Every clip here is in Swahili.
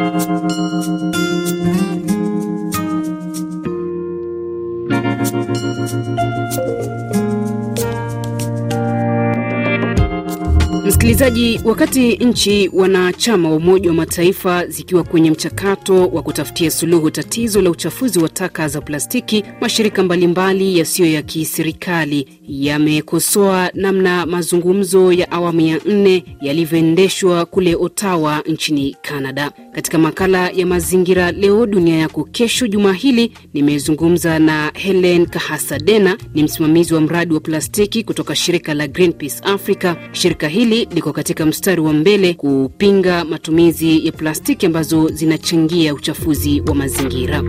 Thank you. Msikilizaji, wakati nchi wanachama wa Umoja wa Mataifa zikiwa kwenye mchakato wa kutafutia suluhu tatizo la uchafuzi wa taka za plastiki, mashirika mbalimbali yasiyo ya, ya kiserikali yamekosoa namna mazungumzo ya awamu ya nne yalivyoendeshwa kule Ottawa nchini Canada. Katika makala ya mazingira leo dunia yako kesho, juma hili nimezungumza na Helen Kahasadena, ni msimamizi wa mradi wa plastiki kutoka shirika la Greenpeace Africa. Shirika hili liko katika mstari wa mbele kupinga matumizi ya plastiki ambazo zinachangia uchafuzi wa mazingira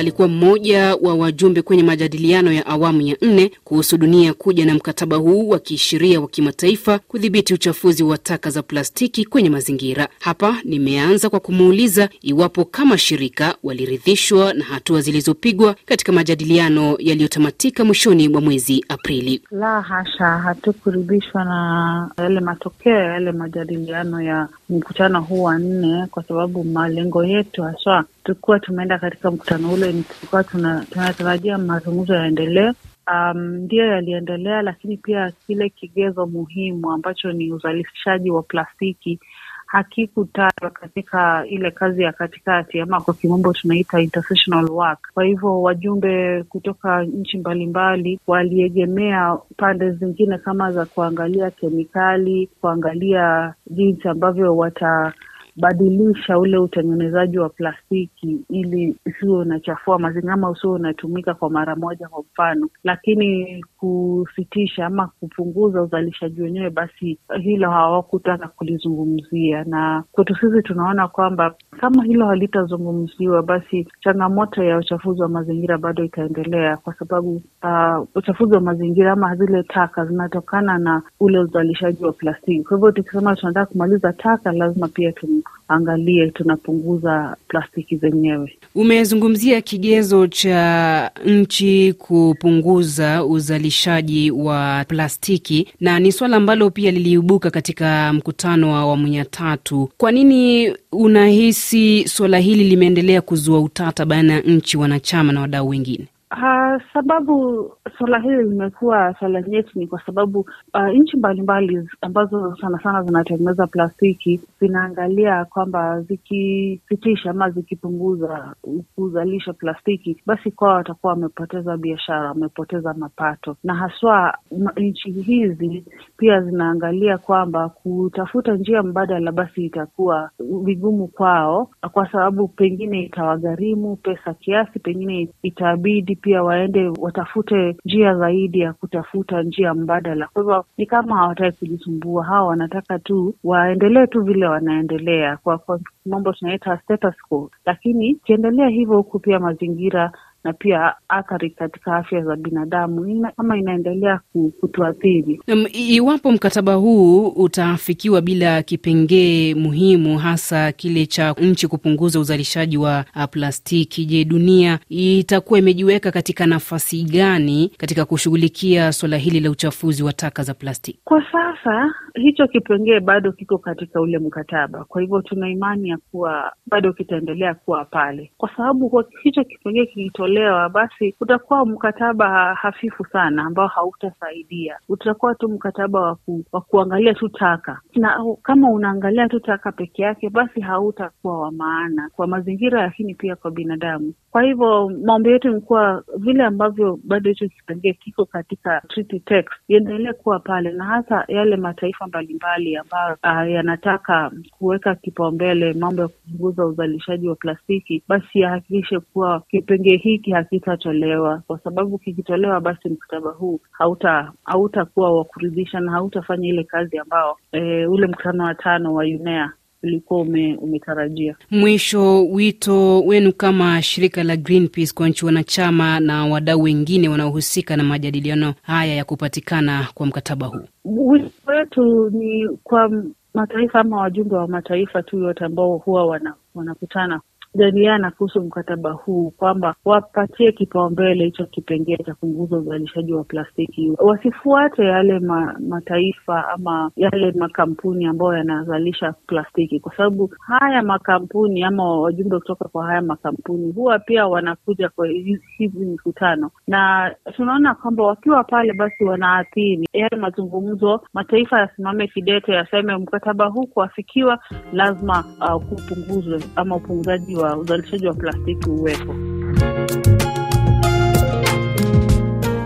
alikuwa mmoja wa wajumbe kwenye majadiliano ya awamu ya nne kuhusu dunia kuja na mkataba huu wa kiishiria wa kimataifa kudhibiti uchafuzi wa taka za plastiki kwenye mazingira. Hapa nimeanza kwa kumuuliza iwapo kama shirika waliridhishwa na hatua zilizopigwa katika majadiliano yaliyotamatika mwishoni mwa mwezi Aprili. La hasha, hatukuridhishwa na yale matokeo ya yale majadiliano ya mkutano huu wa nne, kwa sababu malengo yetu haswa tulikuwa tumeenda katika mkutano ule, tulikuwa tunatarajia tuna mazungumzo yaendelee um, ndiyo, yaliendelea, lakini pia kile kigezo muhimu ambacho ni uzalishaji wa plastiki hakikutajwa katika ile kazi ya katikati ama kwa kimombo tunaita work. Kwa hivyo wajumbe kutoka nchi mbalimbali waliegemea pande zingine kama za kuangalia kemikali, kuangalia jinsi ambavyo wata badilisha ule utengenezaji wa plastiki ili usiwe unachafua mazingira ama usiwe unatumika kwa mara moja, kwa mfano. Lakini kusitisha ama kupunguza uzalishaji wenyewe, basi hilo hawakutaka kulizungumzia. Na kwetu sisi tunaona kwamba kama hilo halitazungumziwa, basi changamoto ya uchafuzi wa mazingira bado itaendelea, kwa sababu uh, uchafuzi wa mazingira ama zile taka zinatokana na ule uzalishaji wa plastiki. Kwa hivyo tukisema tunataka kumaliza taka, lazima pia tum angalie tunapunguza plastiki zenyewe. Umezungumzia kigezo cha nchi kupunguza uzalishaji wa plastiki, na ni swala ambalo pia liliibuka katika mkutano wa awamu ya tatu. Kwa nini unahisi suala hili limeendelea kuzua utata baina ya nchi wanachama na wadau wengine? Ha, ah, sababu swala hili limekuwa swala nyeti ni kwa sababu uh, nchi mbalimbali ambazo sana sana zinatengeneza plastiki zinaangalia kwamba zikisitisha ama zikipunguza kuzalisha plastiki, basi kwao watakuwa wamepoteza biashara, wamepoteza mapato, na haswa nchi hizi pia zinaangalia kwamba kutafuta njia mbadala, basi itakuwa vigumu kwao, kwa sababu pengine itawagharimu pesa kiasi, pengine itabidi pia waende watafute njia zaidi ya kutafuta njia mbadala. Kwa hivyo ni kama hawataki kujisumbua, hawa wanataka tu waendelee tu vile wanaendelea, kwa kwa mambo tunaita status quo, lakini ukiendelea hivyo huku pia mazingira na pia athari katika afya za binadamu ina, kama inaendelea kutuathiri. Iwapo mkataba huu utaafikiwa bila kipengee muhimu hasa kile cha nchi kupunguza uzalishaji wa uh, plastiki, je, dunia itakuwa imejiweka katika nafasi gani katika kushughulikia suala hili la uchafuzi wa taka za plastiki? Kwa sasa hicho kipengee bado kiko katika ule mkataba, kwa hivyo tuna imani ya kuwa bado kitaendelea kuwa pale, kwa sababu kwa hicho kipengee kilito kuondolewa, basi utakuwa mkataba hafifu sana ambao hautasaidia. Utakuwa tu mkataba wa waku, kuangalia tu taka, na kama unaangalia tu taka peke yake, basi hautakuwa wa maana kwa mazingira, lakini pia kwa binadamu. Kwa hivyo maombi yetu ni kuwa vile ambavyo bado hicho kipengee kiko katika treaty text iendelee kuwa pale, na hasa yale mataifa mbalimbali ambayo uh, yanataka kuweka kipaumbele mambo ya kupunguza uzalishaji wa plastiki, basi yahakikishe kuwa kipengee hiki hiki hakitatolewa, kwa sababu kikitolewa, basi mkataba huu hauta hautakuwa wa kuridhisha na hautafanya ile kazi ambao e, ule mkutano wa tano wa UNEA ulikuwa ume, umetarajia. Mwisho, wito wenu kama shirika la Greenpeace kwa nchi wanachama na wadau wengine wanaohusika na majadiliano haya ya kupatikana kwa mkataba huu? Wito wetu ni kwa mataifa ama wajumbe wa mataifa tu yote ambao huwa wana, wanakutana kujadiliana kuhusu mkataba huu kwamba wapatie kipaumbele hicho kipengee cha kupunguza uzalishaji wa plastiki, wasifuate yale ma, mataifa ama yale makampuni ambayo yanazalisha plastiki, kwa sababu haya makampuni ama wajumbe kutoka kwa haya makampuni huwa pia wanakuja kwa hizi mikutano, na tunaona kwamba wakiwa pale, basi wanaathiri yale mazungumzo. Mataifa yasimame kidete, yaseme mkataba huu kuafikiwa lazima uh, kupunguzwe ama upunguzaji wa uzalishaji wa plastiki uwepo.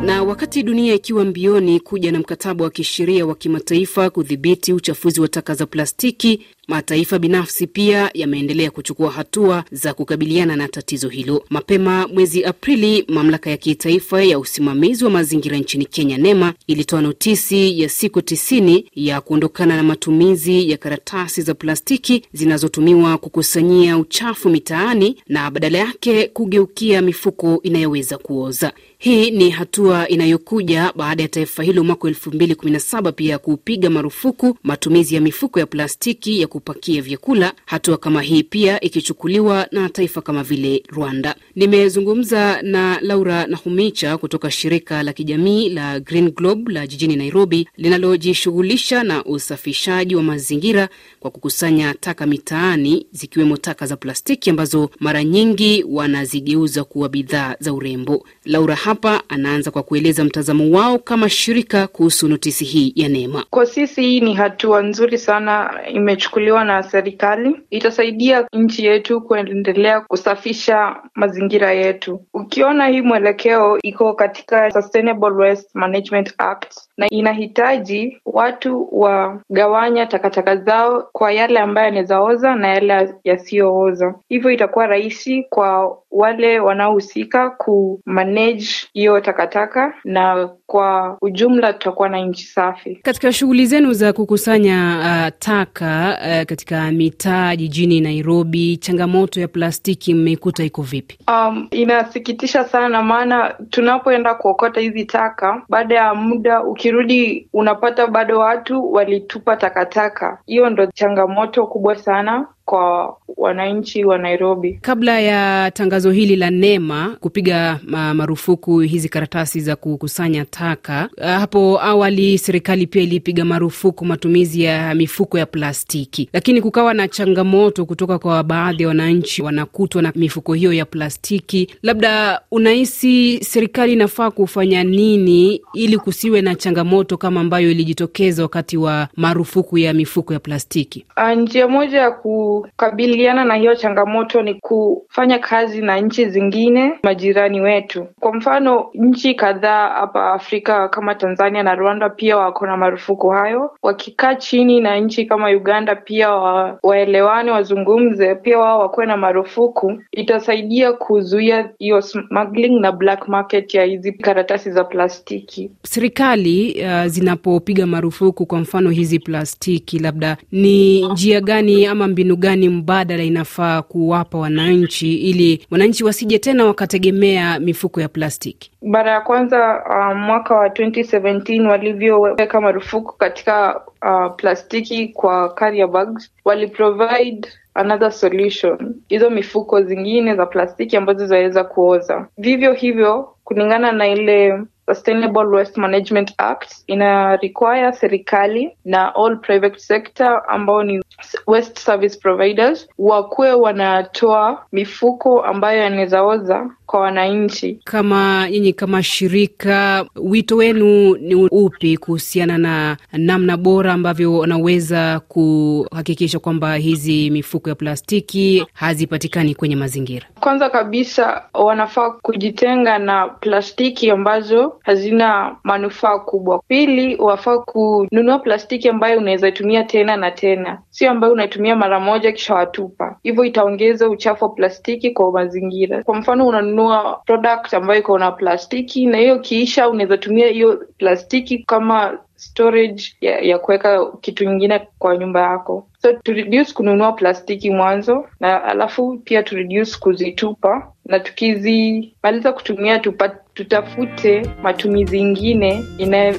Na wakati dunia ikiwa mbioni kuja na mkataba wa kisheria wa kimataifa kudhibiti uchafuzi wa taka za plastiki, Mataifa binafsi pia yameendelea kuchukua hatua za kukabiliana na tatizo hilo. Mapema mwezi Aprili, mamlaka ya kitaifa ya usimamizi wa mazingira nchini Kenya, NEMA, ilitoa notisi ya siku tisini ya kuondokana na matumizi ya karatasi za plastiki zinazotumiwa kukusanyia uchafu mitaani na badala yake kugeukia mifuko inayoweza kuoza. Hii ni hatua inayokuja baada ya taifa hilo mwaka 217 pia kupiga marufuku matumizi ya mifuko ya plastiki ya kupakia vyakula, hatua kama hii pia ikichukuliwa na taifa kama vile Rwanda. Nimezungumza na Laura Nahumicha kutoka shirika la kijamii la Green Globe la jijini Nairobi linalojishughulisha na usafishaji wa mazingira kwa kukusanya taka mitaani zikiwemo taka za plastiki ambazo mara nyingi wanazigeuza kuwa bidhaa za urembo. Laura hapa anaanza kwa kueleza mtazamo wao kama shirika kuhusu notisi hii ya NEMA. Kwa sisi hii ni hatua nzuri sana imechukuliwa kuchukuliwa na serikali. Itasaidia nchi yetu kuendelea kusafisha mazingira yetu. Ukiona hii mwelekeo iko katika Sustainable Waste Management Act, na inahitaji watu wagawanya takataka zao kwa yale ambayo yanawezaoza na yale yasiyooza. Hivyo itakuwa rahisi kwa wale wanaohusika kumanage hiyo takataka, na kwa ujumla tutakuwa na nchi safi. Katika shughuli zenu za kukusanya uh, taka Eh, katika mitaa jijini Nairobi, changamoto ya plastiki mmeikuta iko vipi? Um, inasikitisha sana maana tunapoenda kuokota hizi taka, baada ya muda ukirudi unapata bado watu walitupa takataka. Hiyo ndo changamoto kubwa sana kwa wananchi wa Nairobi. Kabla ya tangazo hili la NEMA kupiga marufuku hizi karatasi za kukusanya taka, hapo awali serikali pia ilipiga marufuku matumizi ya mifuko ya plastiki, lakini kukawa na changamoto kutoka kwa baadhi ya wananchi wanakutwa na mifuko hiyo ya plastiki. Labda unahisi serikali inafaa kufanya nini ili kusiwe na changamoto kama ambayo ilijitokeza wakati wa marufuku ya mifuko ya plastiki? Ah, njia moja ya ku kukabiliana na hiyo changamoto ni kufanya kazi na nchi zingine majirani wetu. Kwa mfano, nchi kadhaa hapa Afrika kama Tanzania na Rwanda pia wako na marufuku hayo. Wakikaa chini na nchi kama Uganda pia wa, waelewane, wazungumze, pia wao wakuwe na marufuku, itasaidia kuzuia hiyo smuggling na black market ya hizi karatasi za plastiki. Serikali uh, zinapopiga marufuku kwa mfano hizi plastiki, labda ni njia gani ama mbinu gani mbadala inafaa kuwapa wananchi ili wananchi wasije tena wakategemea mifuko ya plastiki? Mara ya kwanza uh, mwaka wa 2017 walivyoweka marufuku katika uh, plastiki kwa carrier bags, waliprovide another solution, hizo mifuko zingine za plastiki ambazo zinaweza kuoza vivyo hivyo kulingana na ile Sustainable Waste Management Act ina require serikali na all private sector ambao ni waste service providers wakuwe wanatoa mifuko ambayo yanawezaoza kwa wananchi. Kama nyinyi kama shirika, wito wenu ni upi kuhusiana na namna bora ambavyo wanaweza kuhakikisha kwamba hizi mifuko ya plastiki hazipatikani kwenye mazingira? Kwanza kabisa wanafaa kujitenga na plastiki ambazo hazina manufaa kubwa. Pili, wafaa kununua plastiki ambayo unaweza tumia tena na tena, sio ambayo unaitumia mara moja kisha watupa. Hivyo itaongeza uchafu wa plastiki kwa mazingira. Kwa mfano, unanunua product ambayo iko na plastiki, na hiyo kiisha unaweza tumia hiyo plastiki kama storage ya, ya kuweka kitu ingine kwa nyumba yako so to reduce kununua plastiki mwanzo, na alafu pia to reduce kuzitupa, na tukizimaliza kutumia tupat tutafute matumizi ingine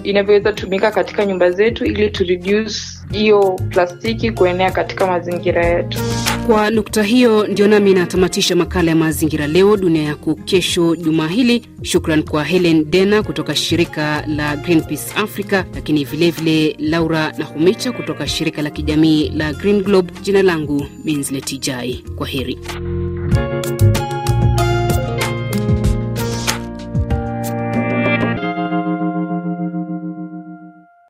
inavyoweza tumika katika nyumba zetu ili tu hiyo plastiki kuenea katika mazingira yetu. Kwa nukta hiyo ndio nami natamatisha makala ya mazingira leo dunia yako kesho jumaa hili. Shukran kwa Helen Dena kutoka shirika la Greenpeace Africa, lakini vilevile vile Laura Nahumicha kutoka shirika la kijamii la Green Globe. Jina langu minsletijai kwa heri.